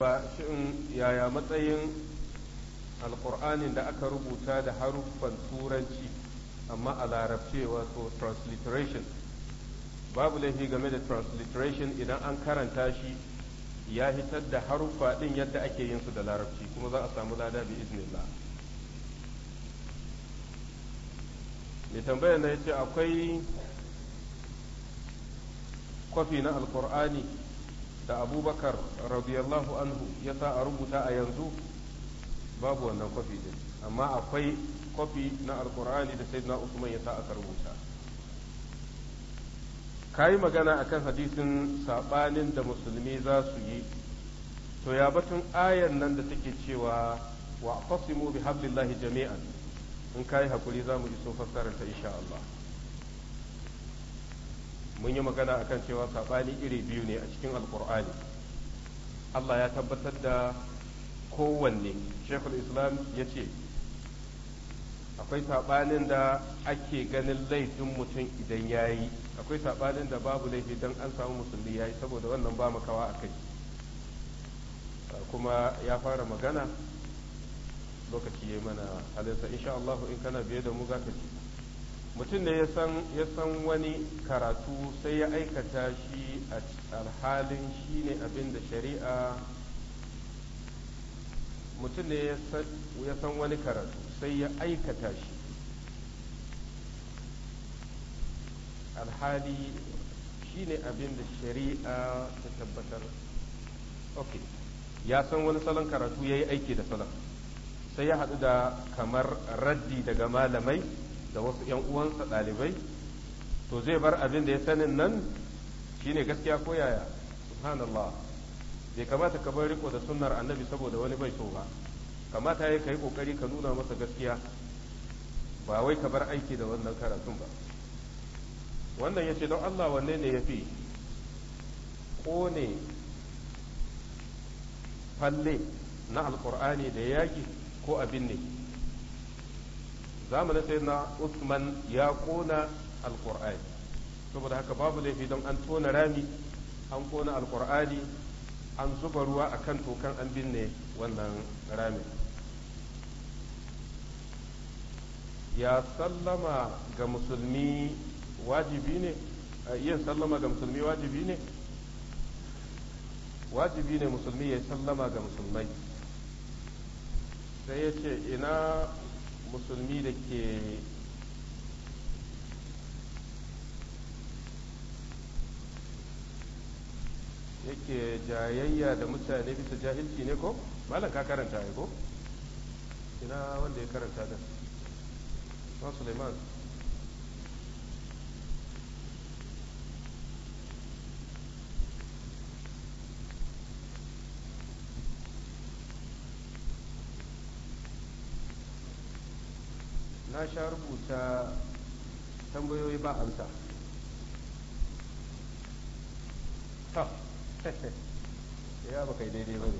ba shin yaya matsayin alkur'anin da aka rubuta da haruffan turanci amma a larabce wato transliteration babu laifi game da transliteration idan an karanta shi ya hitar da haruffa din yadda ake yin su da larabci kuma za a samu lada bi iznillah mai tambayar na ya ce akwai kwafi na alkur'ani da abubakar radiyallahu anhu ya sa a rubuta a yanzu babu wannan kwafi din amma akwai kwafi na alkur'ani da na usman ya sa aka rubuta ka yi magana a kan hadisin saɓanin da musulmi za su yi to ya batun ayan nan da take cewa wa fasimu bi hablillahi jami'an in ka yi hakuri za mu iso fassarar ta insha Allah mun yi magana a kan cewa saɓani iri biyu ne a cikin alkur'ani Allah ya tabbatar da kowanne shekul islam ya ce akwai saɓanin da ake ganin laifin mutum idan ya yi akwai saɓanin da babu laifi don an samu musulmi ya yi saboda wannan ba makawa a kai kuma ya fara magana lokaci ya yi mana halinsa insha Allah in kana biye da mu za ka ci mutum da ya san wani karatu sai ya aikata shi a alhalin shi ne abin da shari'a mutum da ya san wani karatu sai ya aikata shi alhali shi ne abin da shari'a ta tabbatar ok ya san wani salon karatu ya yi aiki da salon sai ya haɗu da kamar raddi daga malamai da wasu 'yan uwansa ɗalibai to zai bar abin da ya sanin nan shi ne gaskiya ko yaya subhanallah bai kamata ka bar riko da sunnar annabi saboda wani bai so ba kamata ya kai kokari ka nuna masa gaskiya ba wai ka bar aiki da wannan karatun ba wannan ya ce don Allah wanne ne ya fi ƙone falle na alƙur'ani da yaƙi ko abin ne zamanin na Usman ya kona alqur'ani saboda haka babu laifi don an tona rami an kona alqur'ani an zuba ruwa akan tokan an binne wannan ramin ya sallama ga musulmi wajibi ne yin sallama ga musulmi wajibi ne wajibi ne musulmi ya sallama ga musulmai sai ya ce ina musulmi da ke yake jayayya da mutane bisa jahilci ne ko malam ka karanta ya ko ina wanda ya karanta da su suleiman na sha rubuta tambayoyi ba amsa ta ya ba kai daidai ba ne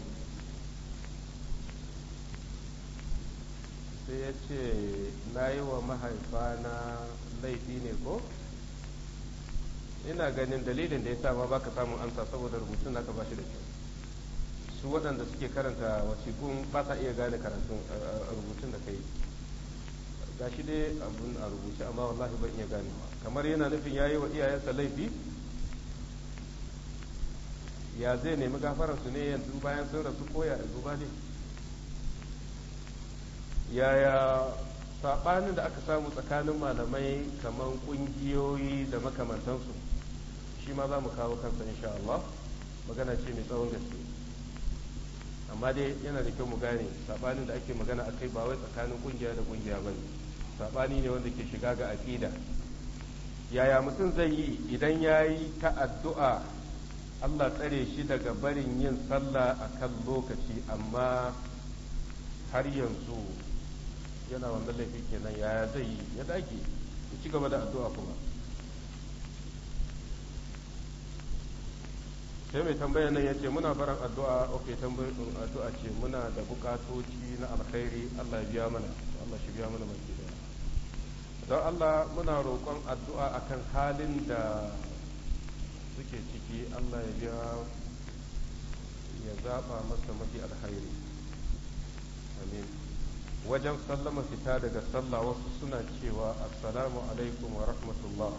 sai ya ce na yi wa mahaifa na laifi ne ko ina ganin dalilin da ya sa ma baka samun amsa saboda rubutun naka ba shi da kyau su waɗanda suke karanta wasiƙun ba sa iya gane karatun eh, rubutun da ka yi shi dai abun a rubuce amma wallahi ban iya ba kamar yana nufin yayi wa iyayensa laifi ya zai nemi gafarar su ne yanzu bayan sun rasu ko ya ba ne yaya sabanin da aka samu tsakanin malamai kamar ƙungiyoyi da makamantansu shi ma za mu kawo kansa insha Allah magana ce mai tsawon gaske amma dai yana da kyau mu gane sabanin da ake magana a kai ba wai tsakanin ƙungiya da kungiya ba ne sabani ne wanda ke shiga ga aqida yaya mutum zai yi idan ya yi ta addu'a Allah tsare shi daga barin yin sallah a kan lokaci amma har yanzu yana wanda laifi kenan yaya zai yi ya dage ya ci gaba da addu'a kuma sai mai tambayar nan ya ce muna barin addu'a ok tambayin addu'a ce muna da bukatoci na alkhairi Allah ya biya mana Allah shi biya mana mai don Allah muna roƙon addu'a a kan halin da suke ciki Allah ya biya ya zaɓa masa mafi alhairi amin wajen sallama fita daga sallah wasu suna cewa assalamu alaikum wa rahmatullah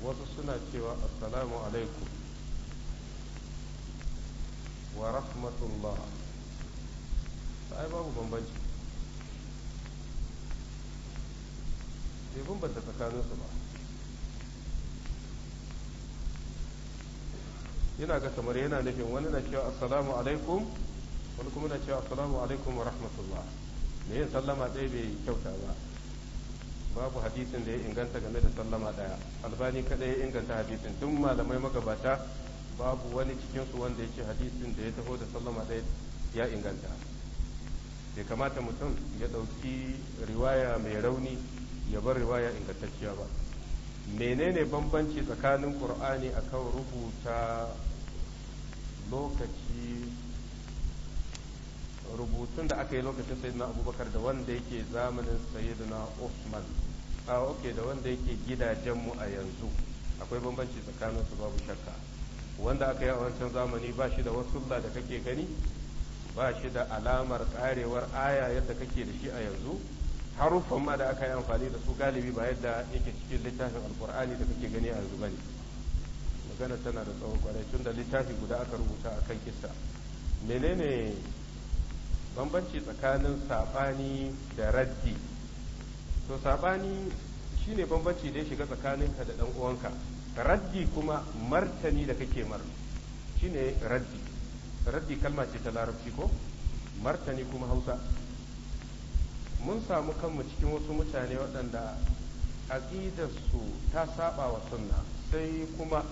wasu suna cewa assalamu alaikum wa rahmatullah ai babu bambanci bai bambanta tsakaninsu ba yana ga kamar yana nufin wani na cewa assalamu alaikum wani kuma na cewa assalamu alaikum wa rahmatullah me yin sallama ɗaya bai kyauta ba babu hadisin da ya inganta game da sallama ɗaya albani kaɗai ya inganta hadisin tun malamai magabata babu wani cikinsu wanda ya ce hadisin da ya taho da sallama ɗaya ya inganta bai kamata mutum ya ɗauki riwaya mai rauni ya bar riwaya ingantacciya ba menene bambanci tsakanin qur'ani akan rubuta lokaci rubutun da aka yi lokacin sayyidina abubakar da wanda yake zamanin sayyidina usman a ah, oke da wanda yake gidajenmu a yanzu akwai bambanci tsakanin su babu shakka wanda aka yi a wancan zamani ba shi da wasulla da kake gani ba shi da alamar karewar aya yadda kake da shi a yanzu haruffan ma da aka yi amfani da su galibi ba yadda yake cikin littafin alkur'ani da kake gani a yanzu bane magana tana da tsawon kwarai tun da littafi guda aka rubuta a kan kisa menene bambanci tsakanin saɓani da raddi to saɓani shine bambanci da ya shiga tsakaninka da ɗan uwanka raddi kuma martani da kake mar shine raddi raddi kalma ce ta larabci ko martani kuma hausa mun samu kanmu cikin wasu mutane waɗanda aƙidarsu ta saba wa sunna sai kuma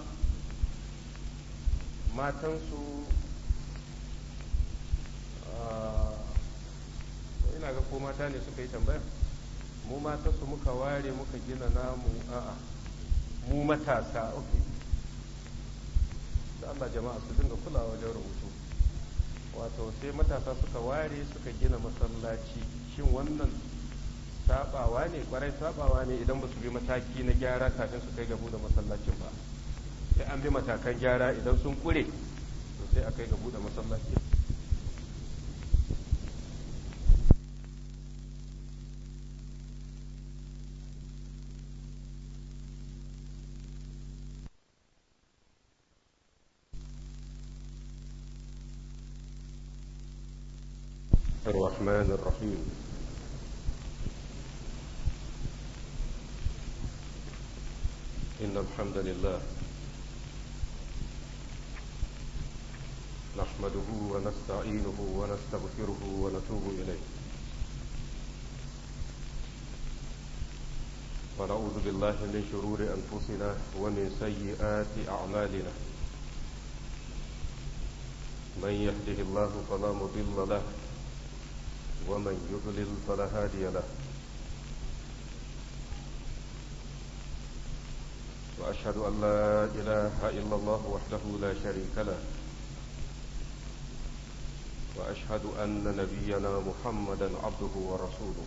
matansu ah, ina ga ko mata ne suka yi tambaya mu matansu muka ware muka gina namu a'a mu matasa ok da Allah jama'a su dinga kulawa wajen rubutu wato sai matasa suka ware suka gina masallaci shin wannan sabawa ne kwarai sabawa ne idan ba su bi mataki na gyara kafin su kai gabu da masallacin ba sai an bi matakan gyara idan sun kure sosai sai a kai gabu da masallaci الله من شرور أنفسنا ومن سيئات أعمالنا من يهده الله فلا مضل له ومن يضلل فلا هادي له وأشهد أن لا إله إلا الله وحده لا شريك له وأشهد أن نبينا محمدا عبده ورسوله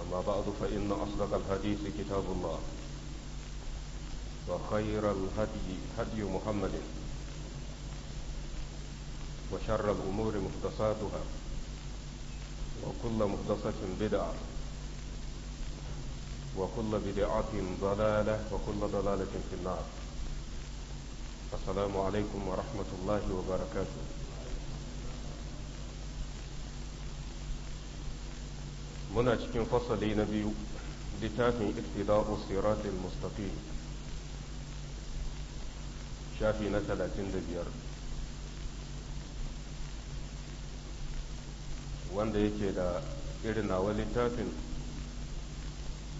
أما بعد فإن أصدق الحديث كتاب الله وخير الهدي هدي محمد وشر الأمور مختصاتها وكل مختصة بدعة وكل بدعة ضلالة وكل ضلالة في النار السلام عليكم ورحمة الله وبركاته muna cikin fasali na biyu littafin iktida'u siratul mustaqim shafi na biyar wanda yake da irin nawa littafin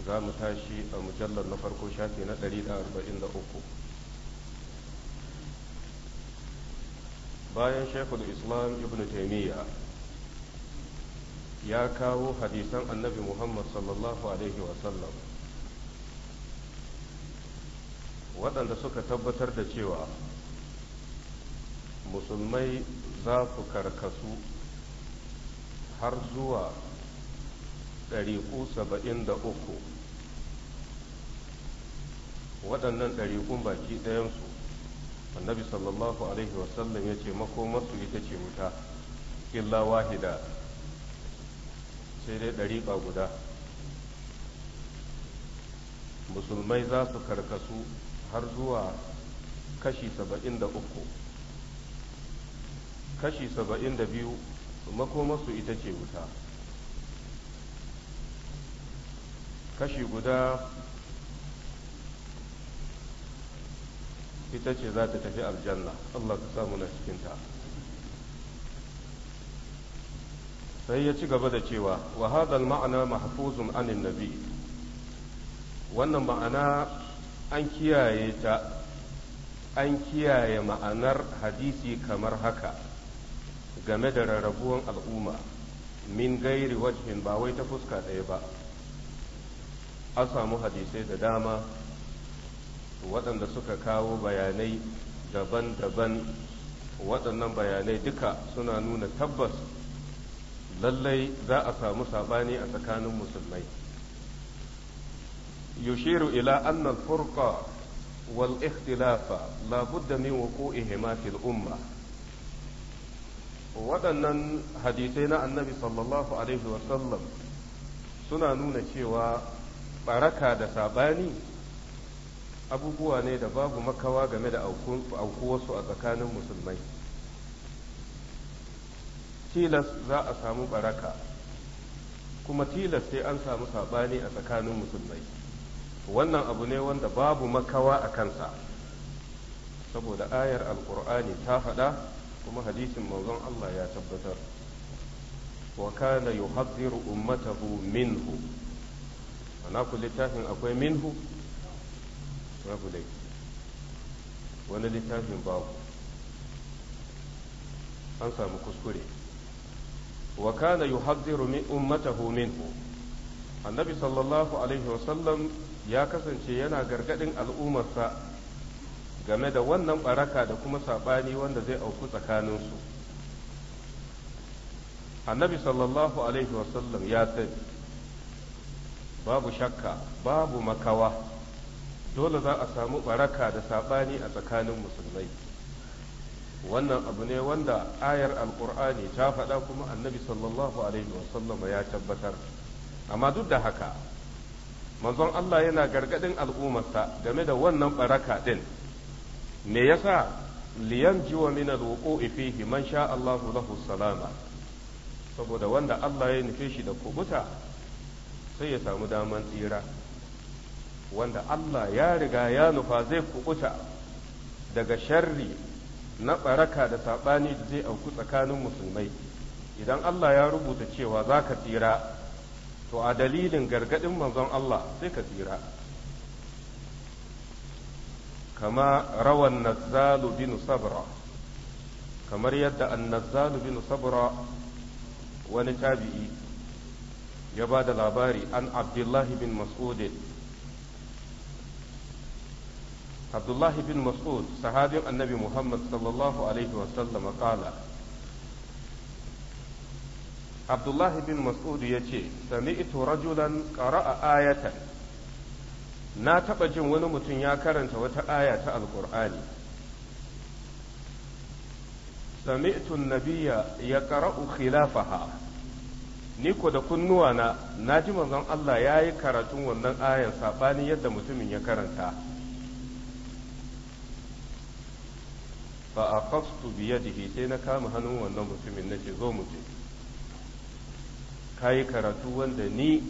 za mu tashi a mujallar na farko shafi na uku bayan shekul islam ibnu taimiyya ya kawo hadisan annabi muhammad sallallahu alaihi wasallam waɗanda suka tabbatar da cewa musulmai za su karkasu har zuwa ɗariƙu saba'in da uku waɗannan ɗariƙun baki ɗayansu annabi sallallahu alaihi wasallam ya ce makomarsu ita ce wuta illa wahida sai dai ɗariƙa guda musulmai za su karkasu har zuwa kashi saba'in da uku kashi saba'in da biyu makomarsu ita ce wuta kashi guda ita ce za ta tafi aljanna Allah ka samu na cikinta sai ya ci gaba da cewa wa hadal ma'ana mahfuzun anin nabi wannan ma'ana an kiyaye ta an kiyaye ma'anar hadisi kamar haka game da rarrabuwan al'umma min gairi wajhin ba wai ta fuska ɗaya ba an samu hadisai da dama waɗanda suka kawo bayanai daban-daban waɗannan bayanai duka suna nuna tabbas lallai za a samu saɓani a tsakanin musulmai yushiru ila annal furqa wal ikhtilafa la budda min wuqu'ihima fil umma waɗannan hadisai na annabi sallallahu alaihi sallam suna nuna cewa baraka da saɓani abubuwa ne da babu makawa game da aukuwarsu a tsakanin musulmai tilas za a samu baraka kuma tilas sai an samu saɓani a tsakanin musulmai wannan abu ne wanda babu makawa a kansa saboda ayar alkur'ani ta faɗa kuma hadisin manzon Allah ya tabbatar wa kana yuhadhiru ummatahu minhu ana ku littafin akwai minhu babu dai wani littafin babu an samu kuskure wa kana yuhaddiru min ummatahu minhu annabi sallallahu alaihi wasallam ya kasance yana gargadin al'ummarsa game da wannan baraka da kuma sabani wanda zai auku tsakaninsu annabi sallallahu alaihi wasallam ya sani babu shakka babu makawa dole za a samu baraka da saɓani a tsakanin musulmai wannan abu ne wanda ayar alkur'ani ta faɗa kuma annabi sallallahu alaihi wasallam ya tabbatar amma duk da haka manzon Allah yana gargadin al'ummarsa game da wannan baraka din me yasa liyan jiwa min alwuqu'i fihi man sha Allahu lahu salama saboda wanda Allah ya nufe shi da kubuta sai ya samu daman tsira wanda Allah ya riga ya nufa zai kubuta daga sharri na baraka da saɓani da zai auku tsakanin musulmai idan Allah ya rubuta cewa za ka tsira to a dalilin gargaɗin manzon Allah sai ka tsira kama rawan nazzalu sabra kamar yadda annazzalu bin sabra wani tabi'i ya ba da labari an abdullahi bin mas'udin abdullah bin mas'ud sahabin annabi muhammad sallallahu alaihi wasallam qala abdullah bin mas'ud yace sami'tu rajulan qara'a ayatan na taba jin wani mutum ya karanta wata aya ta alqur'ani سمعت النبي يقرأ خلافها نيكو na, na ji magan Allah ya yi karatun wannan ayan sabani yadda mutumin ya karanta fa aqastu bi yadihi sai na kama hannun wannan mutumin nace zo mu je kayi karatu wanda ni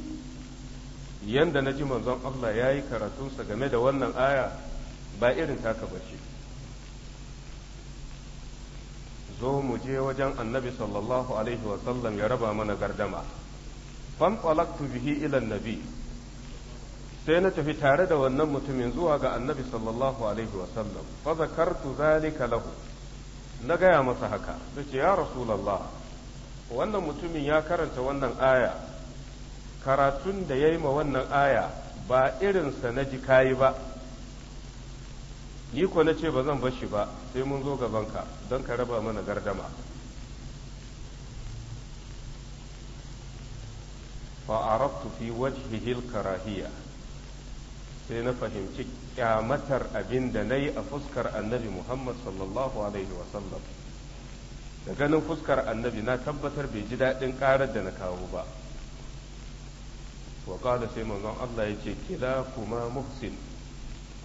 yanda na ji manzon Allah ya yi karatunsa game da wannan aya ba irin taka bace zo mu je wajen annabi sallallahu alaihi ya raba mana gardama fan bihi ila nabi sai na tafi tare da wannan mutumin zuwa ga annabi sallallahu alaihi wasallam fa zakartu zalika lahu na gaya masa haka da ce ya rasulallah wannan mutumin ya karanta wannan aya karatun da ya yi ma wannan aya ba irinsa na ji kayi ba ni ko na ce ba zan bashi ba sai mun zo gabanka don ka raba mana gardama fa'arabtu fi al karahiya sai na fahimci kyamatar abin da na yi a fuskar annabi Muhammad sallallahu Alaihi wasallam da ganin fuskar annabi na tabbatar bai ji daɗin ƙarar da na kawo ba wa da sai manzon Allah ya ce kila kuma muhsin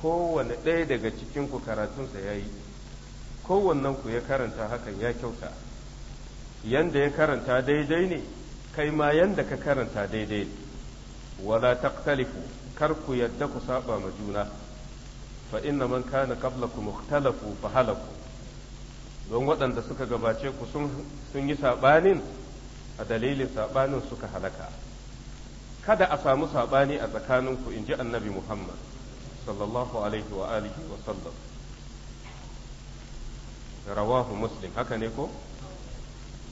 kowane ɗaya daga cikinku karatunsa ya yi kowannenku ya karanta hakan ya kyauta yanda ya karanta daidai ne kai ma yanda ka karanta daidai wala taqtalifu kar ku yadda ku saba ma juna fa inna man kana qablakum ikhtalafu fa halaku don waɗanda suka gabace ku sun yi sabanin a dalilin sabanin suka halaka kada a samu sabani a tsakaninku inji annabi Muhammad sallallahu alaihi wa alihi wa sallam rawahu muslim haka ne ko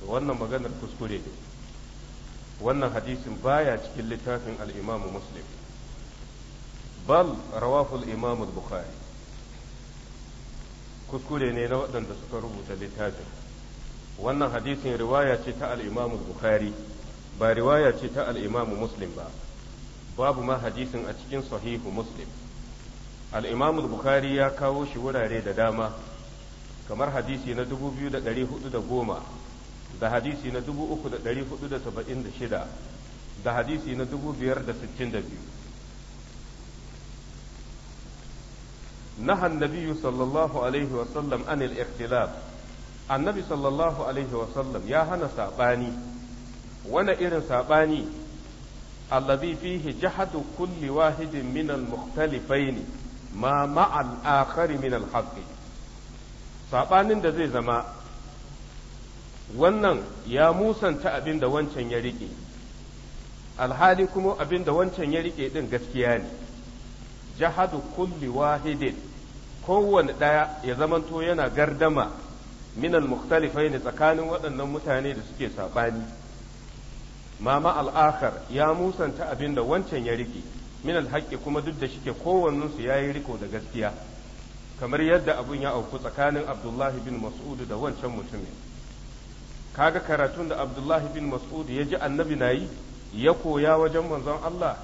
wannan maganar kuskure ne wannan hadisin baya cikin littafin al-imamu muslim bal rawahul imam bukhari kuskure ne na waɗanda suka rubuta littafin wannan hadisin riwaya ce ta al-imam bukhari ba riwaya ce ta al-imam muslim ba babu ma hadisin a cikin sahihu muslim al-imam bukhari ya kawo shi wurare da dama kamar hadisi na 2410 da hadisi na 3476 da hadisi na 5062 نهى النبي صلى الله عليه وسلم عن الاختلاف النبي صلى الله عليه وسلم يا هنا ساباني وانا إرن ساباني الذي فيه جحد كل واحد من المختلفين ما مع الآخر من الحق saɓanin da zai zama wannan ya musanta abin da wancan ya riƙe alhali kuma abin da wancan ya riƙe ɗin gaskiya ne jahadu kulli wahidin kowanne ɗaya ya zamanto yana gardama minal mukhtalifai ne tsakanin waɗannan mutane da suke saɓani mama al'akar ya musanta abin da wancan ya riƙe minal haƙƙi kuma duk da shike kowannensu ya yi riko da gaskiya kamar yadda abun ya auku tsakanin abdullahi bin mas'ud da wancan mutumin kaga karatun da abdullahi bin mas'ud ya ji annabi na yi ya koya wajen manzon allah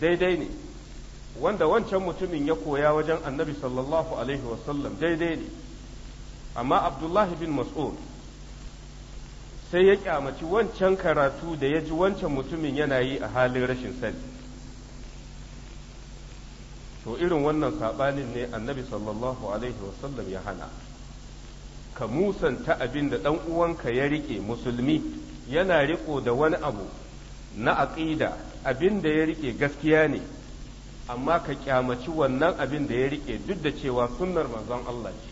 daidai ne wanda wancan mutumin ya koya wajen annabi sallallahu alaihi wasallam daidai ne amma abdullahi bin mas'ud sai ya kyamaci wancan karatu da ya ji wancan mutumin yana yi a halin rashin sani to irin wannan saɓanin ne annabi sallallahu alaihi wasallam ya hana ka musanta abin da ɗan uwanka ya riƙe musulmi yana riƙo da wani abu na aƙida abin da ya riƙe gaskiya ne amma ka kyamaci wannan abin da ya rike duk da cewa sunnar manzon Allah ce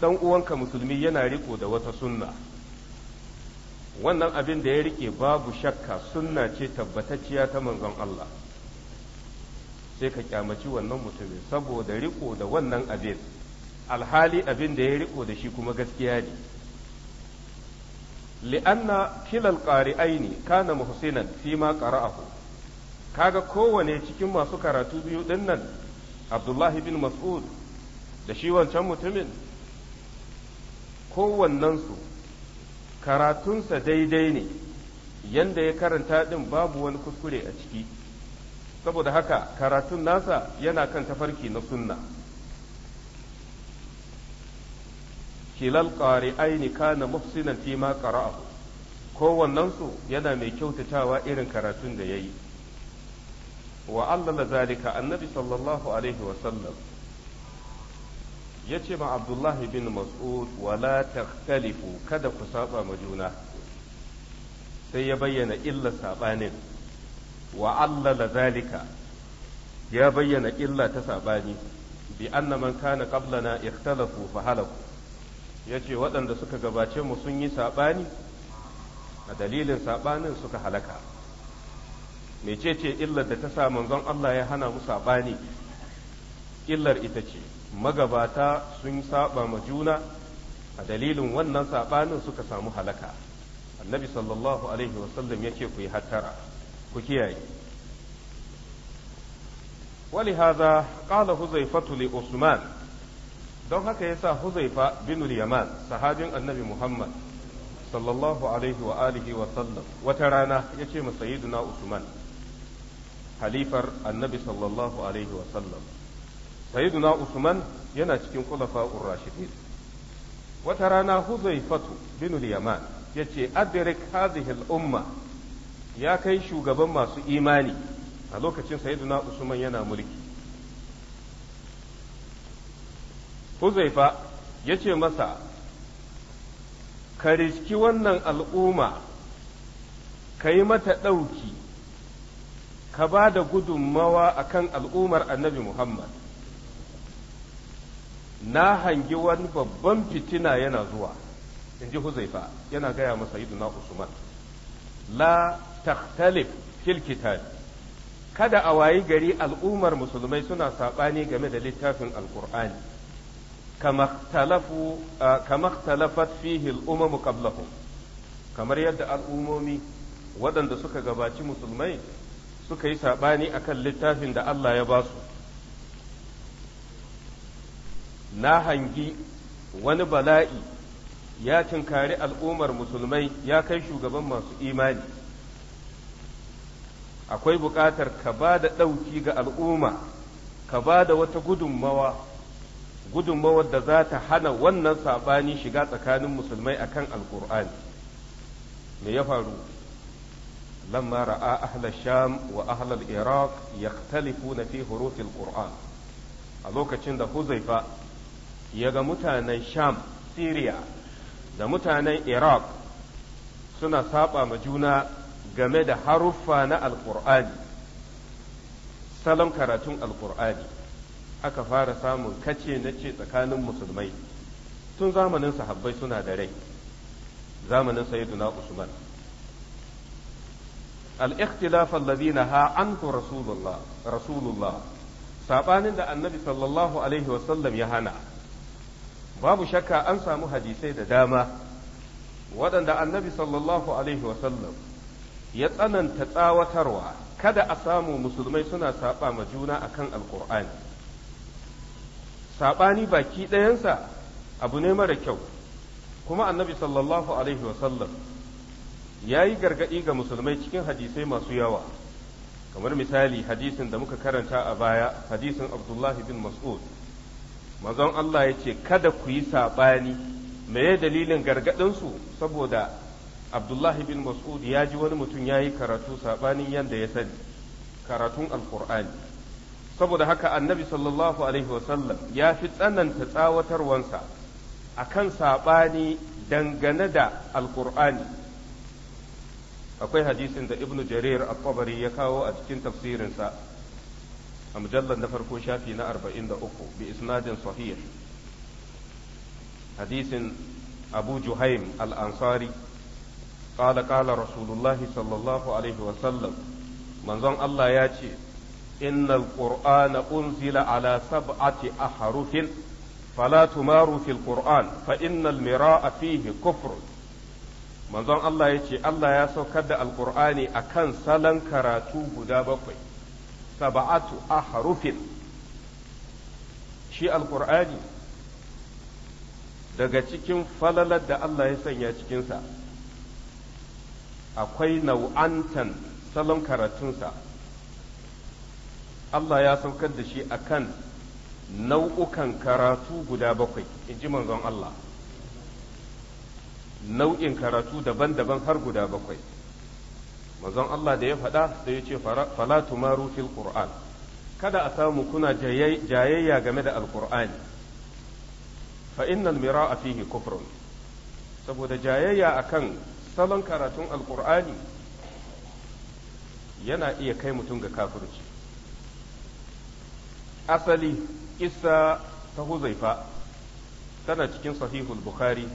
dan uwanka musulmi yana riko da wata sunna wannan abin da ya rike babu shakka sunna ce tabbatacciya ta manzon Allah sai ka kyamaci wannan mutumin saboda riko da wannan abin alhali abin da ya riko da shi kuma gaskiya ne li'anna kilal qari'aini kana muhsinan fi ma qara'ahu kaga kowane cikin masu karatu biyu din nan abdullahi bin mas'ud da shi wancan mutumin kowannensu karatunsa daidai ne yanda ya karanta din babu wani kuskure a ciki saboda haka karatun nasa yana kan tafarki na sunna kilal aini kana mafsinan fi ma kowannensu yana mai kyautatawa irin karatun da ya yi. wa allala zalika annabi sallallahu alaihi wa sallam yace ma abdullahi bin mas'ud la takhtalifu kada ku saba ma juna sai ya bayyana illa sabanin wa allala zalika ya bayyana illa ta sabani bi anna man kana qablana ikhtalafu fa halaku yace waɗanda suka gabace mu sun yi sabani a dalilin sabanin suka halaka mecece illar da ta sa manzon Allah ya hana mu saɓani illar ita ce magabata sun saba ma juna a dalilin wannan saɓanin suka samu halaka annabi sallallahu alaihi wasallam ya ce ku yi hattara ku kiyaye ولهذا ƙala حذيفة usman don haka ya sa huzaifa bin yaman sahabin annabi muhammad sallallahu alaihi wa alihi wa sallam wata rana ya ce ma na usman halifar annabi sallallahu alaihi wasallam sayyiduna usman yana cikin kulafa'ur rashidin wata rana huzaifatu bin yaman ya ce adrik hadhihi umma ya kai shugaban masu imani a lokacin sayyiduna usman yana mulki huzaifa ya ce masa ka riski wannan al'umma ka yi mata ɗauki ka ba da gudunmawa a kan al'ummar annabi Muhammad. Na hangi wani babban fitina yana zuwa, in ji Huzaifa yana gaya masa yi Usman. La takhtalif fil kitab kada a wayi gari al'ummar musulmai suna saɓani game da littafin alƙur'ani kama talafat fihi al'umamu kamar yadda al'umomi waɗanda suka gabaci musulmai suka yi saɓani a kan littafin da Allah ya ba su na hangi wani bala'i ya tinkari al'ummar musulmai ya kai shugaban masu imani akwai buƙatar ka ba da ɗauki ga al'umma ka ba da wata gudunmawa gudunmawar da za ta hana wannan saɓani shiga tsakanin musulmai akan al'kur'ani me ya faru لما رأى أهل الشام وأهل العراق يختلفون في حروف القرآن ألوكا تشند حذيفة يغا mutanen شام سيريا da mutanen iraq suna saɓa ma juna game da haruffa na alkur'ani salon karatun alkur'ani aka fara samun kace na ce tsakanin musulmai tun zamanin sahabbai suna da rai zamanin sayyiduna usman al-ikhtilaf alladhi naha anhu rasulullah rasulullah sabanin da annabi sallallahu alaihi wasallam ya hana babu shakka an samu hadisai da dama waɗanda annabi sallallahu alaihi wasallam ya tsananta tsawatarwa kada a samu musulmai suna saɓa ma juna akan alkur'ani saɓani baki ɗayansa abu ne mara kyau kuma annabi sallallahu alaihi wasallam ya yi gargaɗi ga musulmai cikin hadisai masu yawa kamar misali hadisin da muka karanta a baya hadisin abdullahi bin mas'ud manzon Allah ya ce kada ku yi saɓani meye dalilin gargaɗinsu saboda abdullahi bin mas'ud ya ji wani mutum ya yi karatu saɓanin yadda ya sani karatun alkur'ani saboda haka annabi sallallahu alaihi wasallam ya fi tsananta tsawatarwansa akan saɓani dangane da alkur'ani akwai hadisin da ibnu jarir at-tabari ya kawo a cikin tafsirinsa a mujallar na farko shafi na 43 bi isnadin sahih hadisin abu juhaim al-ansari قال قال رسول الله صلى الله عليه وسلم من ظن الله ياتي إن القرآن أنزل على سبعة أحرف فلا تمار في القرآن فإن المراء فيه كفر manzon Allah ya ce Allah ya saukar da alkur'ani a kan salon karatu guda bakwai saba'atu a harufin shi alkur'ani daga cikin falalar da Allah ya sanya cikinsa akwai nau'antan salon karatunsa Allah ya saukar da shi a kan nau'ukan karatu guda bakwai in ji manzon Allah nau'in karatu daban-daban har guda bakwai mazan Allah da ya faɗa da ya ce Falatu tumaru fil qur'an kada a samu kuna jayayya game da alqur'ani fa innal mira'a fihi kufrun saboda jayayya akan salon karatun alqur'ani yana iya kai mutum ga kafirci asali isa ta huzaifa tana cikin sahihul bukhari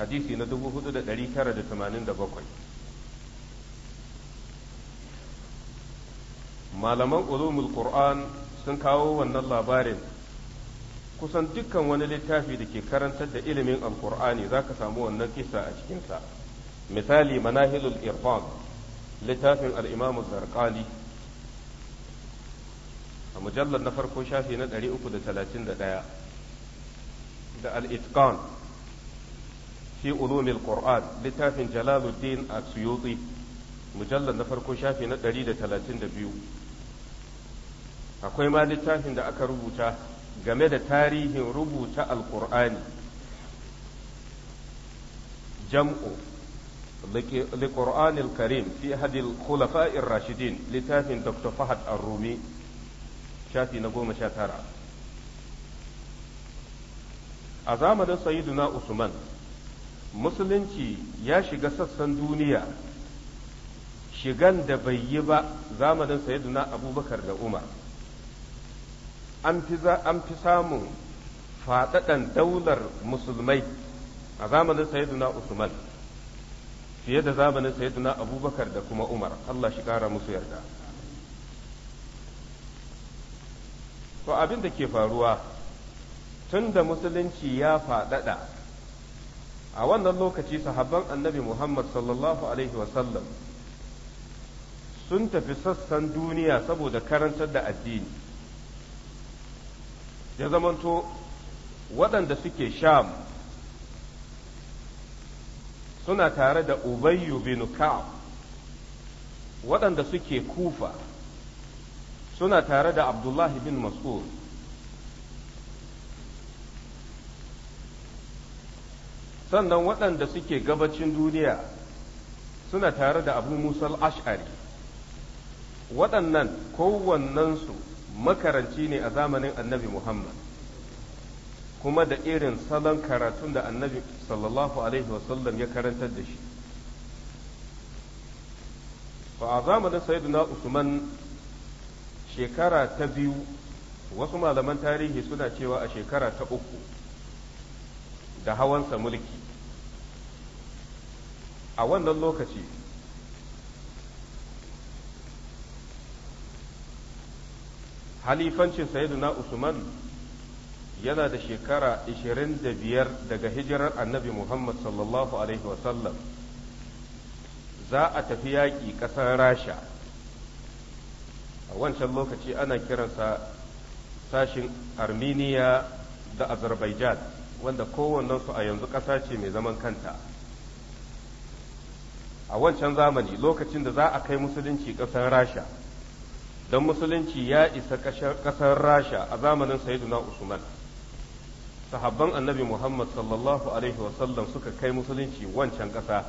hadisi na 4987 malaman ulumul qur'an sun kawo wannan labarin kusan dukkan wani littafi da ke karantar da ilimin alqur'ani za ka samu wannan kisa a cikinsa misali manahilul irfan littafin al'imamu zarqali a mujallar na farko shafi na 331 da al'itqan fi ulumil qur'an littafin jalaluddin asyuti mujallar na farko shafi na 132 akwai ma littafin da aka rubuta game da tarihin rubuta alqur'ani jam'u لقرآن الكريم في أحد الخلفاء الراشدين لتاف دكتور فهد الرومي شاتي نقوم شاترا أزامنا سيدنا عثمان musulunci ya shiga sassan duniya shigan da bai yi ba zamanin sayyiduna abubakar da umar an fi samun faɗaɗan daular musulmai a zamanin sayyiduna usman fiye da zamanin sayyiduna abubakar da kuma umar allah shi ƙara musu yarda to abin da ke faruwa tun da musulunci ya faɗaɗa a wannan lokaci sahabban annabi Muhammad sallallahu alaihi wasallam sun tafi sassan duniya saboda karantar da addini ya zamanto waɗanda suke sham suna tare da ubayyu bin ka'ab waɗanda suke kufa suna tare da abdullahi bin mas'ud sannan waɗanda suke gabacin duniya suna tare da abu musal ash'ari waɗannan kowannensu makaranci ne a zamanin annabi muhammad kuma da irin salon karatun da annabi sallallahu alaihi wasallam ya karantar da shi a zamanin sayyiduna usman shekara ta biyu wasu malaman tarihi suna cewa a shekara ta uku da hawansa mulki a wannan lokaci halifancin sayyiduna usman yana da shekara 25 daga hijirar annabi muhammad sallallahu alaihi wasallam za a tafi yaƙi ƙasar rasha a wancan lokaci ana kiransa sashin armenia da azerbaijan wanda kowannensu a yanzu ƙasa ce mai zaman kanta a wancan zamani lokacin da za a kai musulunci ƙasar rasha don musulunci ya isa ƙasar rasha a zamanin sayyiduna usman sahabban annabi muhammad sallallahu alaihi wasallam suka kai musulunci wancan ƙasa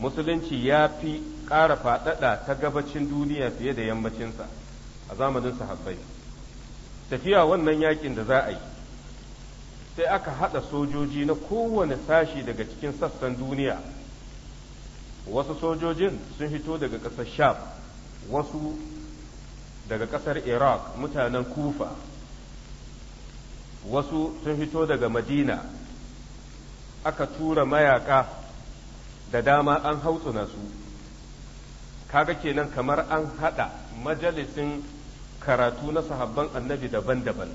musulunci ya fi ƙara faɗaɗa ta gabacin duniya fiye da yammacinsa a zamanin sahabbai tafiya wannan yakin da za a yi sai aka haɗa sojoji na kowane sashi daga cikin sassan duniya wasu sojojin sun hito daga ƙasar sham wasu daga ƙasar iraq mutanen kufa wasu sun hito daga madina aka tura mayaka da dama an hautsuna su kaga kenan kamar an haɗa majalisin karatu na sahabban annabi daban-daban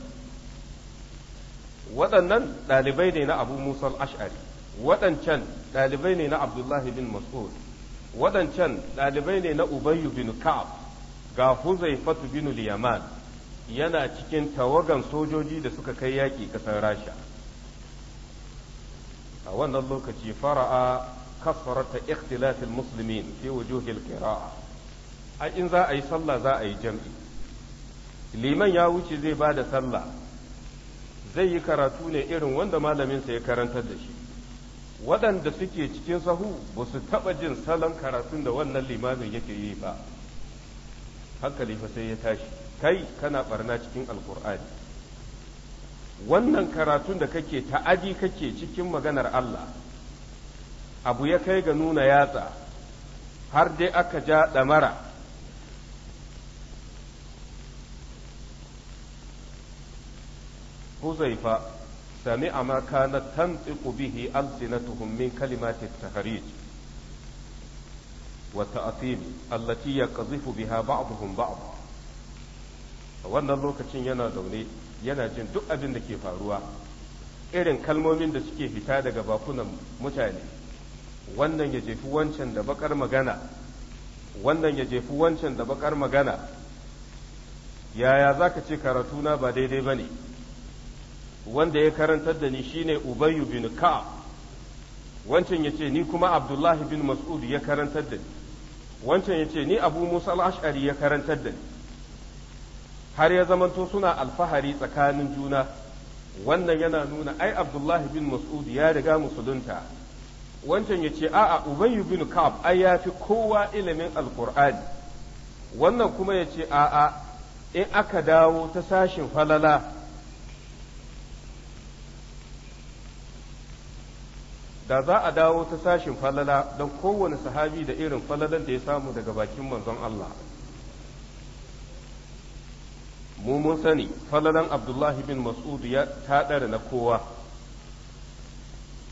waɗannan ɗalibai ne na abu musal ash'ari waɗancan ɗalibai ne na abdullahi bin mas'ud waɗancan ɗalibai ne na ubayyu bin ka'ab ga fatu bin liyaman yana cikin tawagan sojoji da suka kai yaƙi ƙasar rasha a wannan lokaci fara'a kasarata ikhtilafil muslimin fi wujuhil qira'a a in za a yi sallah za a yi jam'i liman ya wuce zai ba da sallah zai yi karatu ne irin wanda malaminsa ya karantar da shi waɗanda suke cikin sahu ba su taɓa jin salon karatun da wannan limamin yake yi ba hankali fa sai ya tashi kai kana barna cikin alkur'ani wannan karatun da kake ta ta'adi kake cikin maganar Allah abu ya kai ga nuna yatsa har dai aka ja ɗamara huzaifa sami a maka na tantsiku bihi alsinatuhum min kalimatit tahrij wa ta'til allati yaqdhifu biha ba'dhum ba'd a wannan lokacin yana zaune yana jin duk abin da ke faruwa irin kalmomin da suke fita daga bakunan mutane wannan ya jefi wancan da bakar magana magana yaya za ka ce karatuna ba daidai ba ne wanda ya karantar da ni shine ubayyu bin ka'ab wancan yace ni kuma abdullahi bin mas'ud ya karantar da ni wancan yace ni abu musa al-ash'ari ya karantar da ni har ya zamanto suna alfahari tsakanin juna wannan yana nuna ai abdullahi bin mas'ud ya riga musulunta wancan ya ce a'a ubayyu bin ka'ab ai ya fi kowa ilimin alkur'ani wannan kuma ya ce a'a in aka dawo ta sashin falala da za a dawo ta sashin falala don kowane sahabi da irin falalan da ya samu daga bakin manzon Allah mu mun sani falalan abdullahi bin mas'ud ya taɗara na kowa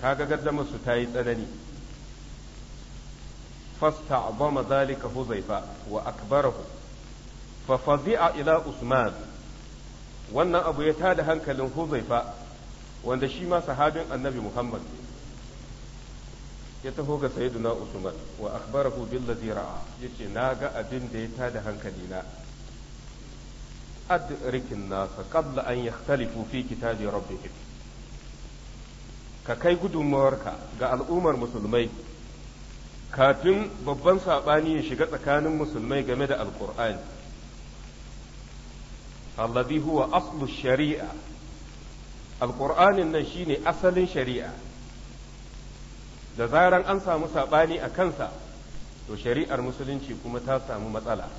kaga gaddama su ta yi tsanani fasta'zama zalika huzaifa wa akbarahu fa fazi'a ila usman wannan abu ya tada hankalin huzaifa wanda shi ma sahabin annabi muhammad ne ya taho ga sayyiduna usman wa akhbarahu billazi ra'a yace ga abin da ya tada hankali na adrikin nasa qabla an yakhtalifu fi kitabi rabbihim ka kai gudunmawarka ga al'ummar musulmai kafin babban saɓani ya shiga tsakanin musulmai game da alƙur'ani alladhi huwa aslu shari'a alƙur'anin nan shine asalin shari'a da zaran an samu saɓani a kansa to shari'ar musulunci kuma ta samu matsala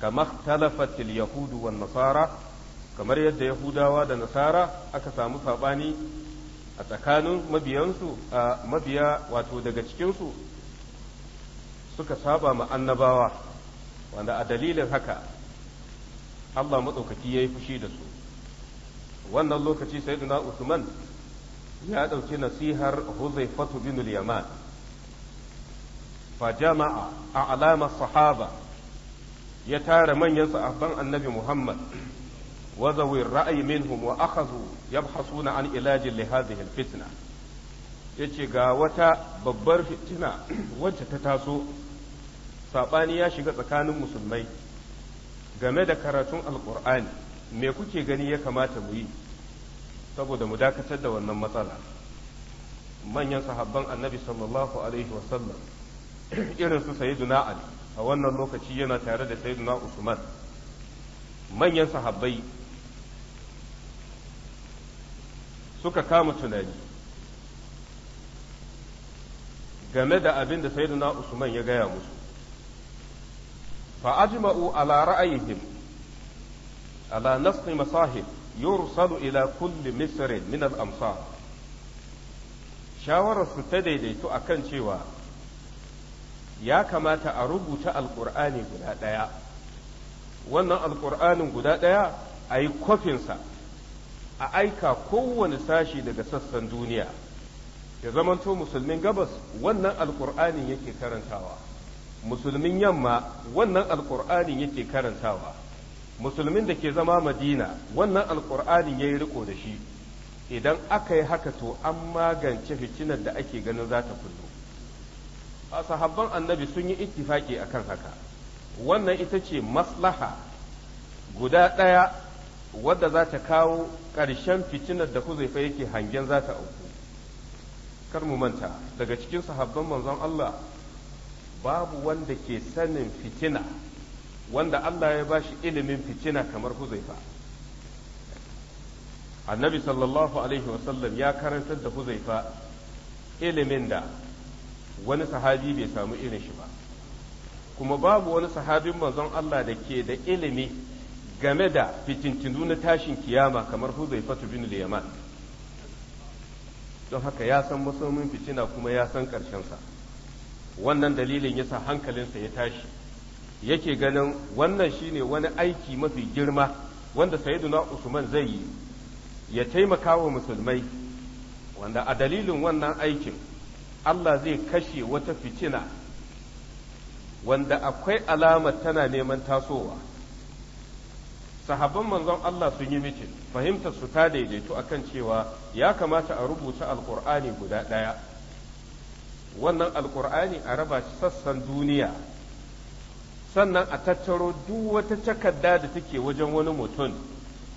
kamar talafatil yahudu wa nasara kamar yadda yahudawa da nasara aka samu saɓani a tsakanin mabiyansu a mabiya wato daga cikinsu suka saba ma annabawa wanda a dalilin haka Allah maɗaukaki ya yi fushi da su wannan lokaci sai Usman ya ɗauki nasihar huzaifatu bin yaman fajama'a a alamar sahaba ya tara manyan sahabban annabi muhammad wa ra'ayi ya الرأي yabhasuna an ilajin lihazi hadhihi fitna. Ya ce ga wata babbar fitina wacce ta taso saɓani ya shiga tsakanin musulmai game da karatun alƙur'ani me kuke gani ya kamata mu yi saboda mu dakatar da wannan matsala manyan sahabban annabi sallallahu alaihi wasallam irin su sayyiduna ali a wannan lokaci yana tare da sayyiduna usman manyan sahabbai suka kama tunani game da abin da sayyiduna usman ya gaya musu fa ajma'u ala ra'ayihim ala nasni masahib yursalu ila kulli misrin min al-amsar shawarar su ta daidaito a kan cewa ya kamata a rubuta alkur'ani guda ɗaya wannan alkur'anin guda ɗaya a yi kofinsa a aika kowane sashe daga sassan duniya ya zamanto musulmin gabas wannan alkur'anin yake karantawa musulmin yamma wannan alkur'anin yake karantawa musulmin da ke zama madina wannan alkur'ani ya yi riko da shi idan aka yi haka to an magance fitinar da ake ganin za ta kullu a sahabban annabi sun yi ittifaki akan haka wannan ita ce maslaha guda ɗaya wadda za ta kawo ƙarshen fitinar da kuzaifa yake hangen za ta auku kar mu manta daga cikin sahabban manzon Allah babu wanda ke sanin fitina wanda Allah ya ba shi ilimin fitina kamar huzaifa annabi sallallahu alaihi wasallam ya karantar da huzaifa ilimin da wani sahabi bai samu irin shi ba kuma babu wani sahabin manzon Allah da ke da ilimi game da fitintinu na tashin kiyama kamar huzaifa bin liyaman don haka ya san masomin fitina kuma ya san sa wannan dalilin yasa hankalinsa ya tashi yake ganin wannan shine wani aiki mafi girma wanda sayyiduna usman zai yi ya taimaka wa musulmai wanda a dalilin wannan aikin Allah zai kashe wata fitina wanda akwai alamar tana neman tasowa sahabban manzon Allah sun yi mitin fahimtar su ta daidaito akan cewa ya kamata a rubuta alkur'ani guda ɗaya wannan alkur'ani a raba sassan duniya sannan a tattaro duk wata takarda da take wajen wani mutum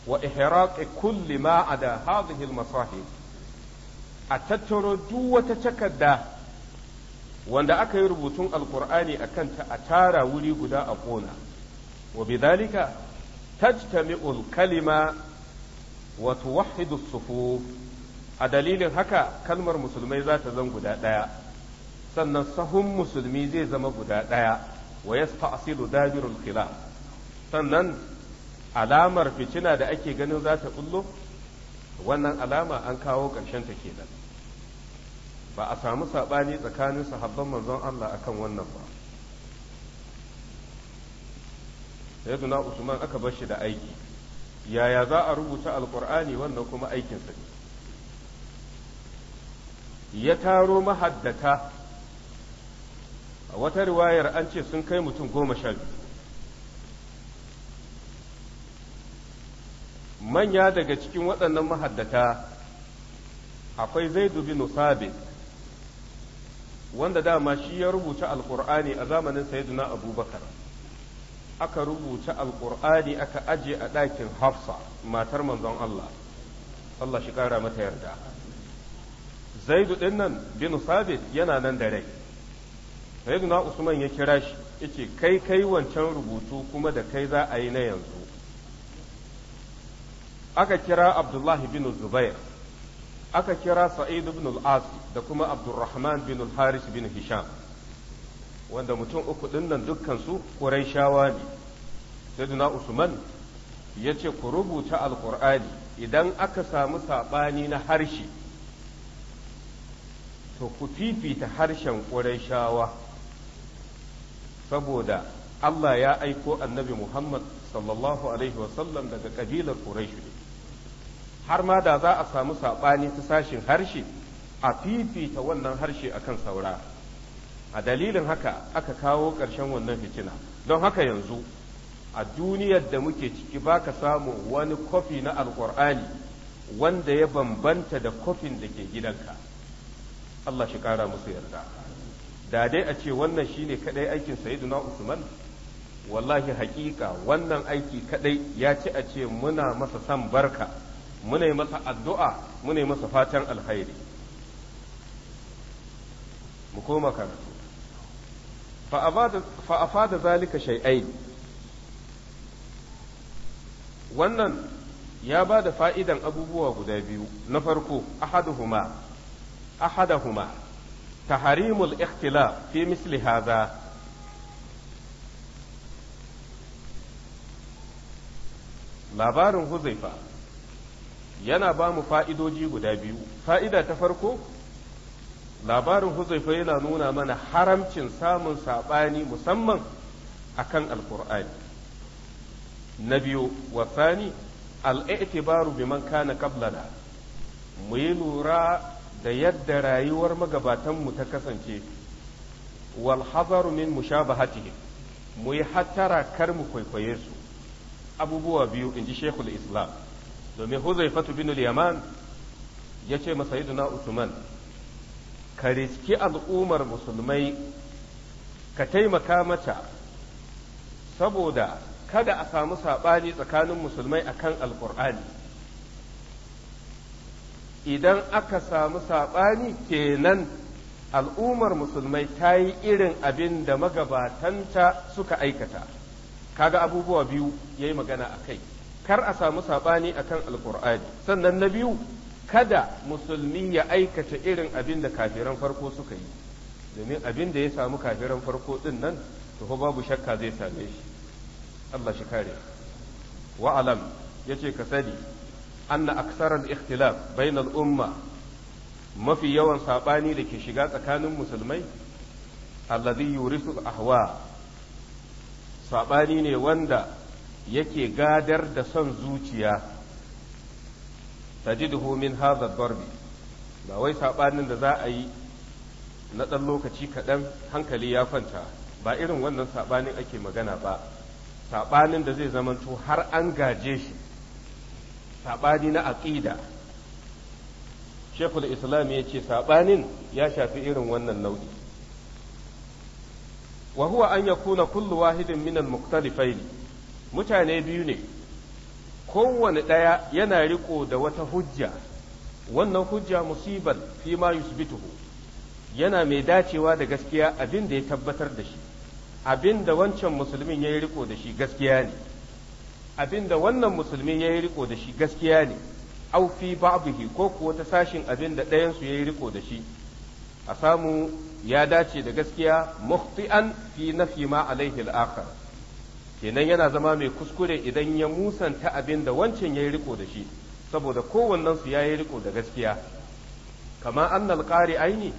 wa ihraqi kulli ma ada hadhihi al-masahib a tattaro duk wata takarda wanda aka yi rubutun alkur'ani a kanta a tara wuri guda a ƙona wa bidhalika tajtami'ul kalima wa tuwahhidu as a dalilin haka kalmar musulmai za ta zama guda ɗaya sannan sahun musulmi zai zama guda ɗaya wa yasta'silu dabirul sannan alamar fitina da ake ganin za ta bullo wannan alama an kawo ƙarshen ta kenan ba a samu saɓani tsakanin sahabban manzon Allah akan wannan ba sayyiduna Usman aka bar shi da aiki yaya za a rubuta alkur'ani wannan kuma aikinsa ne ya taro mahaddata a wata riwayar an ce sun kai mutum goma sha biyu manya daga cikin waɗannan mahaddata akwai zaidu bin sabit wanda dama shi ya rubuta alkur'ani a zamanin sayyidina abubakar aka rubuta alƙur'ani aka aje a ɗakin hafsa matar manzon allah allah shi ƙara mata yarda zaidu ɗin nan bin sabit yana nan da rai sayyiduna usman ya kira shi yace kai kai wancan rubutu kuma da kai za a yi na yanzu aka kira abdullahi bin zubair aka kira sa'id bin al-as da kuma abdurrahman bin al-haris bin hisham wanda mutum uku ɗinnan dukkansu dukkan su ne sayyiduna usman yace ku rubuta alqur'ani idan aka samu sabani na harshe to ku fifita harshen ƙurashawa saboda Allah ya aiko annabi Muhammad sallallahu alaihi wasallam daga kabilar Quraishu ne har ma da za a samu saɓani ta sashin harshe a fifita wannan harshe akan saura a dalilin haka aka kawo ƙarshen wannan fitina don haka yanzu a duniyar da muke ciki baka ka samu wani kofi na alƙur'ani wanda ya bambanta da kofin da ke gidanka Allah shi ƙara musu yarda da dai a ce wannan shine kadai aikin sayyiduna usman wallahi hakika wannan aiki kadai ya ci a ce muna masa san barka muna yi masa addu'a muna yi masa fatan alkhairi mu koma karatu fa afada zalika shay'ain wannan ya ba da fa'idan abubuwa guda biyu na farko ahaduhuma ahadahuma taharimul ikhtilaf fi misli haza labarin huzaifa yana ba mu fa'idoji guda biyu fa'ida ta farko labarin huzaifa yana nuna mana haramcin samun saɓani musamman akan alkur'ani na biyu wasani al'aitibaru biman kana kablana mu yi lura da yadda rayuwar magabatanmu ta kasance wal hazaru min mushabahatihim mu yi hattara kar mu kwaikwaye su abubuwa biyu inji shekul islam domin huzaifatu bin yaman ya ce masa na usman ka riski al'ummar musulmai ka taimaka mata saboda kada a samu saɓani tsakanin musulmai akan alkur'ani idan aka samu saɓani kenan al'ummar musulmai ta yi irin abin da magabatanta suka aikata kaga abubuwa biyu ya yi magana a kai kar a samu saɓani akan kan alƙur'ani sannan na biyu kada musulmi ya aikata irin abin da kafiran farko suka yi domin abin da ya samu kafiran farko ɗin nan to babu shakka zai same shi Allah shi kare wa'alam ya ce ka sani anna aksaral ikhtilaf bainal umma mafi yawan saɓani da ke shiga tsakanin musulmai alladhi yurisu ahwa saɓani ne wanda yake gadar da son zuciya Saji Duhumin hadha darbi ba wai saɓanin da za a yi na ɗan lokaci kaɗan hankali ya kwanta ba irin wannan saɓanin ake magana ba saɓanin da zai zamanto har an gaje shi saɓani na aƙida shekul islam ya ce saɓanin ya shafi irin wannan nau'i wa huwa an yakuna kullu wahidin minan muktalifai mutane biyu ne kowane ɗaya yana riko da wata hujja wannan hujja musibar fi ma yusbituhu yana mai dacewa da gaskiya abin da ya tabbatar da shi abin da wancan musulmin ya yi riko da shi gaskiya ne abinda wannan musulmi ya yi riko da shi gaskiya ne au fi ko kuwa ta sashin abinda ɗayan su ya yi riko da shi a samu ya dace da gaskiya mukhti'an fi nafi ma alaihi al-akhar kenan yana zama mai kuskure idan ya musanta abinda wancan ya yi riko da shi saboda kowannen su ya yi riko da gaskiya kama an qari aini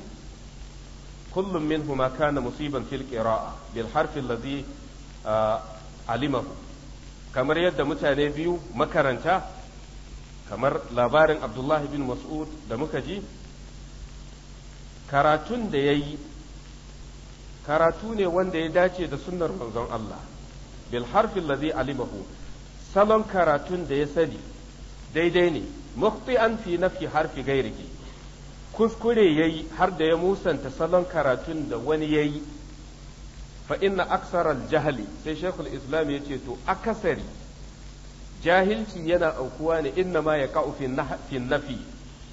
kullum minhuma kana musiban fil qira'a bil harfin alladhi ah, alimahu kamar yadda mutane biyu makaranta kamar labarin abdullahi bin mas'ud da muka ji karatun da ya yi karatu ne wanda ya dace da sunnar manzon Allah bil harfin ladhi alimahu salon karatun da ya sani daidai ne muqti'an fi nafi harfi gairiki kuskure yayi har da ya musanta salon karatun da wani yayi fa inna aksaral jahali sai shekul islam ya ce to akasari jahilci yana aukuwa ne inna ma ya ka'u fi nafi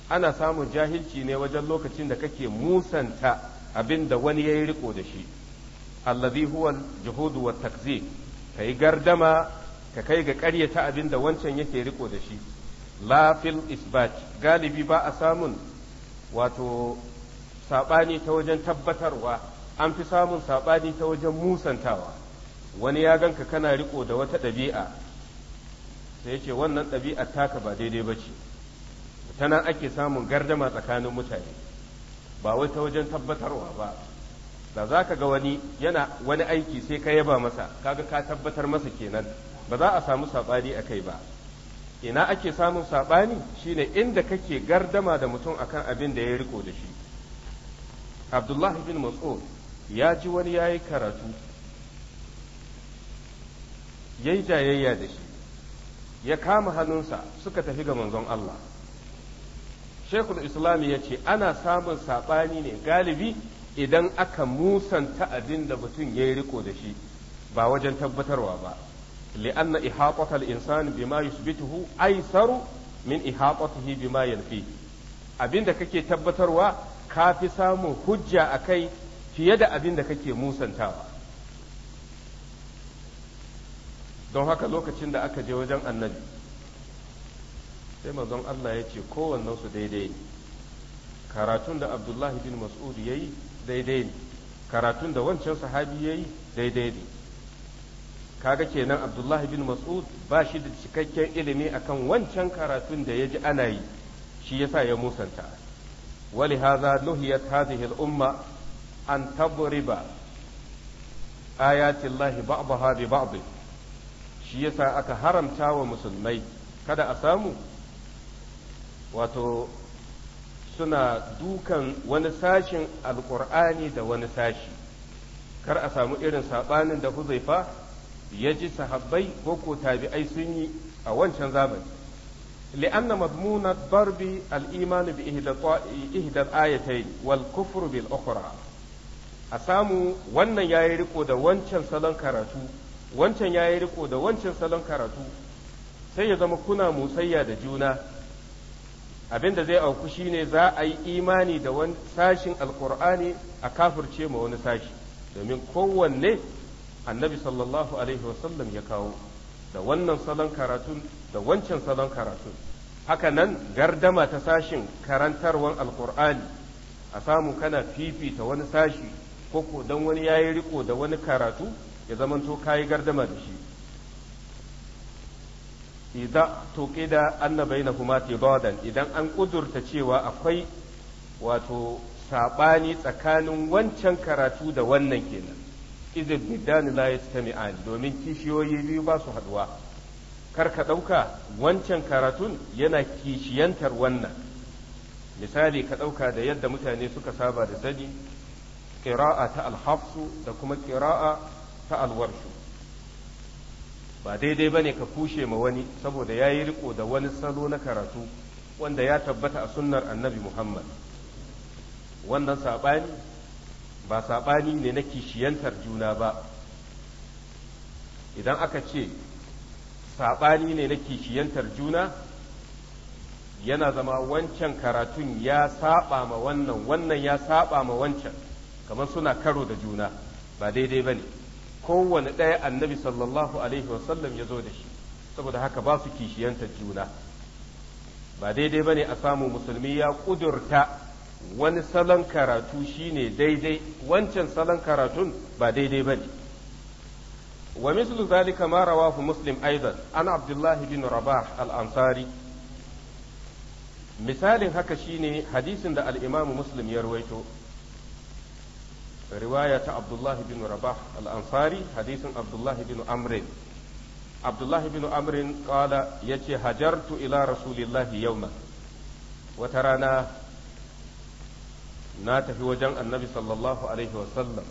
ana samun jahilci ne wajen lokacin da kake musanta abin da wani ya yi riko da shi allazi huwa juhudu wa takzib kai gardama ka kai ga ƙaryata abin da wancan yake riko da shi la fil isbat galibi ba a samun wato saɓani ta wajen tabbatarwa an fi samun saɓani ta wajen musantawa wani ya ganka kana riko da wata ɗabi'a sai ya ce wannan ɗabi'a taka ba daidai ba ce ta ake samun gardama tsakanin mutane ba wai ta wajen tabbatarwa ba da za ka ga wani yana wani aiki sai ka yaba masa kaga ka tabbatar masa kenan ba za a samu saɓani a kai ba ina ake samun saɓani shine inda kake gardama da mutum akan abin da ya riko da shi abdullahi bin mas'ud ya ji wani ya yi karatu ya yi jayayya da shi ya kama hannunsa suka tafi ga manzon Allah shekul islam ya ce ana samun saɓani ne galibi idan aka musanta abin da mutum ya yi riko da shi ba wajen tabbatarwa ba li'anna إحاطة الإنسان bima يثبته أيسر min إحاطته bima ينفيه أبين دكك kake tabbatarwa ka fi samun hujja kai. fiye da abin da kake musantawa don haka lokacin da aka je wajen annabi sai mazan Allah ya ce kowannensu daidai ne karatun da abdullahi bin mas'ud ya yi daidai ne karatun da wancan sahabi ya yi daidai ne kaga kenan abdullahi bin mas'ud ba shi da cikakken ilimi akan wancan karatun da ya ji ana yi shi yasa ya musanta wali haza nuhiyat hadhihi umma an tadriba ayatin lahi ba'daha bi ba'd shi yasa aka haramta wa musulmai kada a samu wato suna dukan wani sashin Alƙur'ani da wani sashi kar a samu irin saɓanin da huzaifa ya ji sahabbai ko ko tabi'ai sun a wancan zamani li'an na mazmuna barbi al'imanu bi ihdar ayatai wal kufru bil ukhra a samu wannan ya yi riko da wancan salon karatu wancan ya riko da wancan salon karatu sai ya zama kuna musayya da juna abin da zai auku shine za a yi imani da wani sashin alkur'ani a kafirce ma wani sashi domin kowanne annabi sallallahu alaihi wasallam ya kawo da wannan salon karatu da wancan salon karatu haka nan gardama ta sashin karantarwan alkur'ani a samu kana fifita wani sashi ko ko dan wani yi riko da wani karatu ya zamanto kayi gardama da shi idza tuqida anna bainahuma tidadan idan an kudurta cewa akwai wato sabani tsakanin wancan karatu da wannan kenan idan bidani la yastami'an domin kishiyoyi biyu ba su haduwa kar ka dauka wancan karatun yana kishiyantar wannan misali ka dauka da yadda mutane suka saba da sani ƙira'a ta alhafsu da kuma ƙira'a ta alwarshu ba daidai ba ne ka kushe ma wani saboda ya yi riko da wani salo na karatu wanda ya tabbata a sunnar annabi muhammad wannan saɓani ba saɓani ne na kishiyantar juna ba idan aka ce saɓani ne na kishiyantar juna yana zama wancan karatun ya saɓa ma wannan wannan ya saɓa ma wancan kamar suna karo da juna ba daidai ba ne kowane ɗaya annabi sallallahu alaihi wasallam ya zo da shi saboda haka ba su kishiyantar juna ba daidai ba ne a samu musulmi ya ƙudurta wani salon karatu shine daidai wancan salon karatun ba daidai ba ne wa mislu zalika ma rawahu muslim aidan an abdullahi bin rabah al-ansari misalin haka shine hadisin da al-imamu muslim ya ruwaito. riwaya ta abdullahi bin rabah al-ansari hadisin abdullahi bin amrin abdullahi bin amrin kala ya ce hajartu ila rasulillahi yauman wata rana na tafi wajen annabi sallallahu alaihi wasallam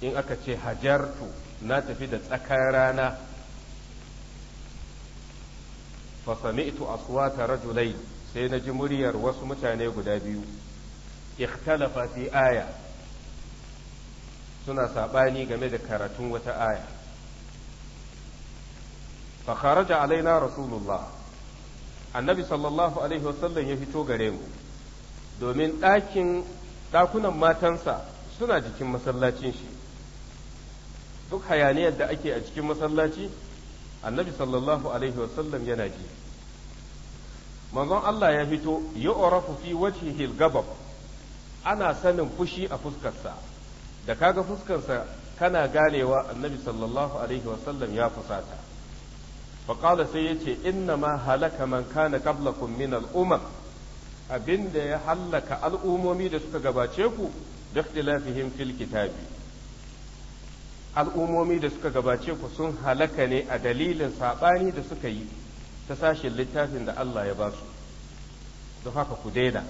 in aka ce hajartu na tafi da tsakar rana fasami'tu aswata rajulai sai na ji muryar wasu mutane guda biyu ikhtalafa fi aya suna saɓani game da karatun wata aya fakaraja alaina rasulullah annabi sallallahu alaihi wasallam ya fito gare mu domin ɗakin ɗakunan matansa suna jikin masallacin shi duk hayaniyar da ake a cikin masallaci annabi sallallahu alaihi wasallam yana ji manzon Allah ya fito ya orafu fi wajhihil gabab ana sanin fushi a fuskarsa da kaga fuskarsa kana ganewa annabi sallallahu alaihi wasallam ya fusata faƙala sai ya ce inna ma halaka man kana qablakum min al'umam abinda ya hallaka al'umomi da suka gabace ku da ikhtilafihim fil kitabi al'umomi da suka gabace ku sun halaka ne a dalilin saɓani da suka yi ta sashin littafin da Allah ya ba su don haka ku daina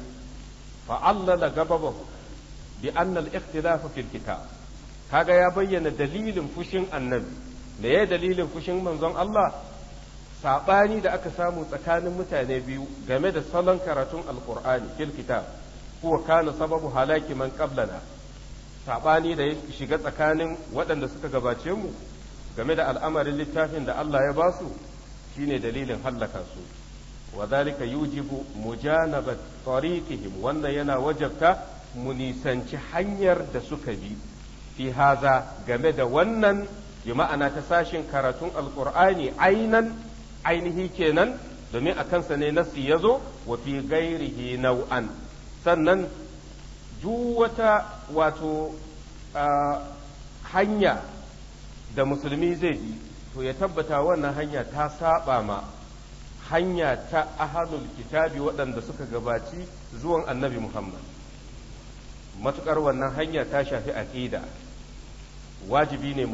fa'allala gababahu bi annal ikhtilafa fil kitab kaga ya bayyana dalilin fushin annabi da ya dalilin fushin manzon Allah saɓani da aka samu tsakanin mutane biyu game da salon karatun Alkur'ani fil kitab huwa kana sababu halaki man qablana saɓani da ya shiga tsakanin waɗanda suka gabace mu game da al'amarin littafin da Allah ya basu shine dalilin hallaka su wa zalika yujibu mujanabat tariqihim wannan yana wajabta mu nisanci hanyar da suka bi fi haza game da wannan bi ma'ana ta sashin karatun alkur'ani ainan ainihi kenan domin a kansa ne nasi ya zo wa fi gairihi nau'an sannan duk wata wato hanya da musulmi zai bi to ya tabbata wannan hanya ta saba ma hanya ta ahalul kitabi waɗanda suka gabaci zuwan annabi muhammad matukar wannan hanya ta shafi aƙida wajibi ne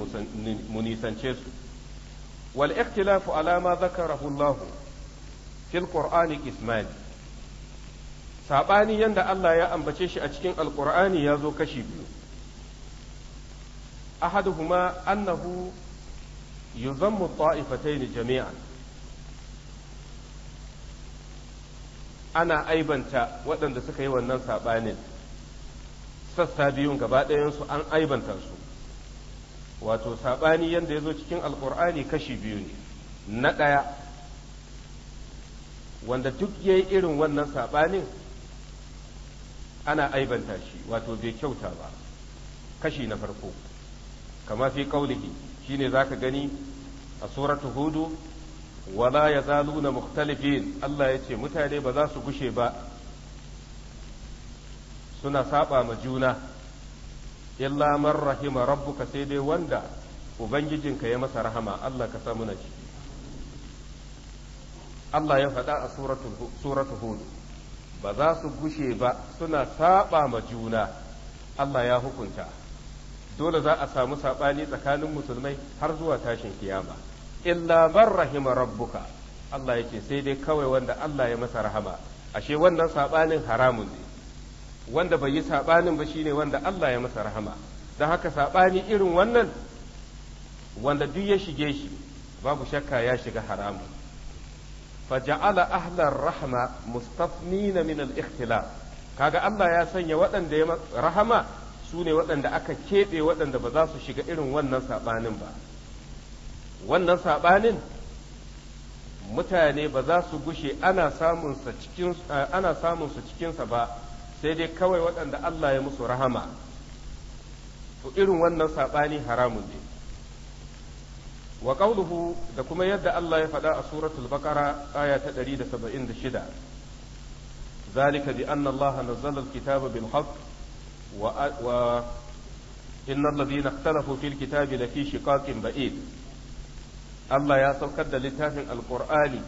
mu nisance su wal ikhtilafu ala ma zakarahu Allah fil qur'ani ismani sabani yanda Allah ya ambace shi a cikin alqur'ani ya zo kashi biyu ahaduhuma annahu yuzammu ta'ifatayn jami'an ana aibanta waɗanda suka yi wannan sabanin sassa biyun gaba ɗayansu an aibanta su wato saɓani yadda ya zo cikin alkur'ani kashi biyu ne na ɗaya wanda duk ya yi irin wannan saɓanin ana aibanta shi wato bai kyauta ba kashi na farko kama fi ƙaulihi shine za ka gani a suratu hudu wala ya zalu na muktalifin Allah ya ce mutane ba za su gushe ba suna saba ma juna illa man rahima rabbuka sai dai wanda ubangijinka ya masa rahama Allah ka samu na ciki Allah ya faɗa a suratu hudu ba za su gushe ba suna saba ma juna Allah ya hukunta dole za a samu saɓani tsakanin musulmai har zuwa tashin kiyama illa man rahima rabbuka Allah yake sai dai kawai wanda Allah ya masa rahama ashe wannan saɓanin haramun ne wanda bai yi saɓanin ba shine wanda Allah ya masa rahama don haka saɓani irin wannan wanda duk ya shige shi babu shakka ya shiga haramu faja'ala ahlar rahma mustafnina min al-ikhtilaf kaga Allah ya sanya waɗanda ya rahama su ne waɗanda aka keɓe waɗanda ba za su shiga irin wannan saɓanin ba wannan saɓanin mutane ba za su gushe ana samunsa cikinsa ba sai dai kawai waɗanda Allah ya musu rahama to irin wannan saɓani haramun ne wa qawluhu da kuma yadda Allah ya faɗa a suratul baqara aya ta 176 zalika bi anna Allah nazzala al-kitaba bil haqq wa wa innal ladina ikhtalafu fil kitabi lafi shiqaqin ba'id Allah ya saukar da littafin alqur'ani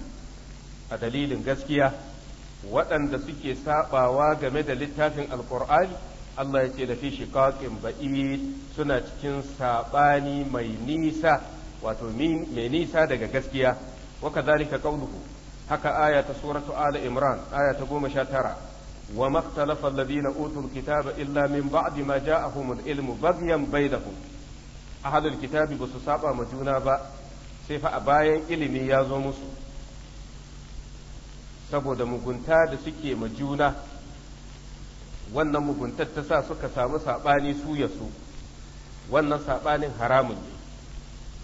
a dalilin gaskiya waɗanda suke saɓawa game da littafin alkur'ani Allah ya ce da fi shiqaqin ba'id suna cikin saɓani mai nisa wato mai nisa daga gaskiya wa kadhalika qawluhu haka aya ta suratu ali imran aya ta tara. wa makhtalafa alladhina utul kitaba illa min ba'di ma ja'ahumul ilmu baghyan bainahum ahlul kitabi ba su saba ma juna ba sai fa a bayan ilimi ya zo musu saboda mugunta da suke ma juna wannan muguntar ta sa suka samu saɓani su ya su wannan saɓanin haramun ne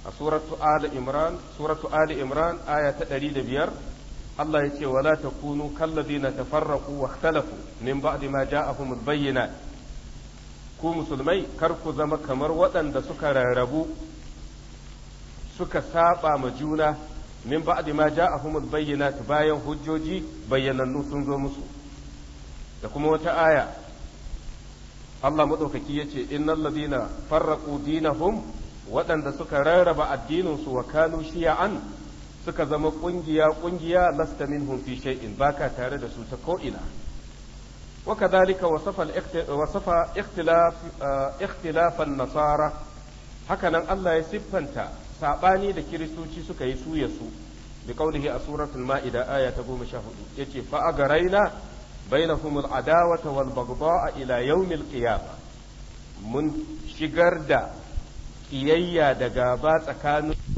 a suratu ali imran aya ta ɗari da biyar Allah ya ce wala na ta farraku wa ikhtalafu min ba'di ma ja'ahumul bayyana ku musulmai kar ku zama kamar waɗanda suka rarrabu suka saɓa ma juna min ba'di ma ja'ahumul bayyinat bayan hujjoji bayyanannu sun zo musu da kuma wata aya Allah madaukaki yace innal ladina farraqu dinahum waɗanda suka rarraba addinin su wa kanu shi'an suka zama kungiya kungiya lasta minhum fi shay'in baka tare da su ta ko ina وكذلك وصف وصف اختلاف اختلاف النصارى هكذا الله يسبنتا saɓani da kiristoci suka yi su ya su bi qaulihi a suratul ma'ida aya ta sha ya yace fa agaraina bainahum al-adawata wal a ila yawm al mun shigar da kiyayya da gaba tsakanin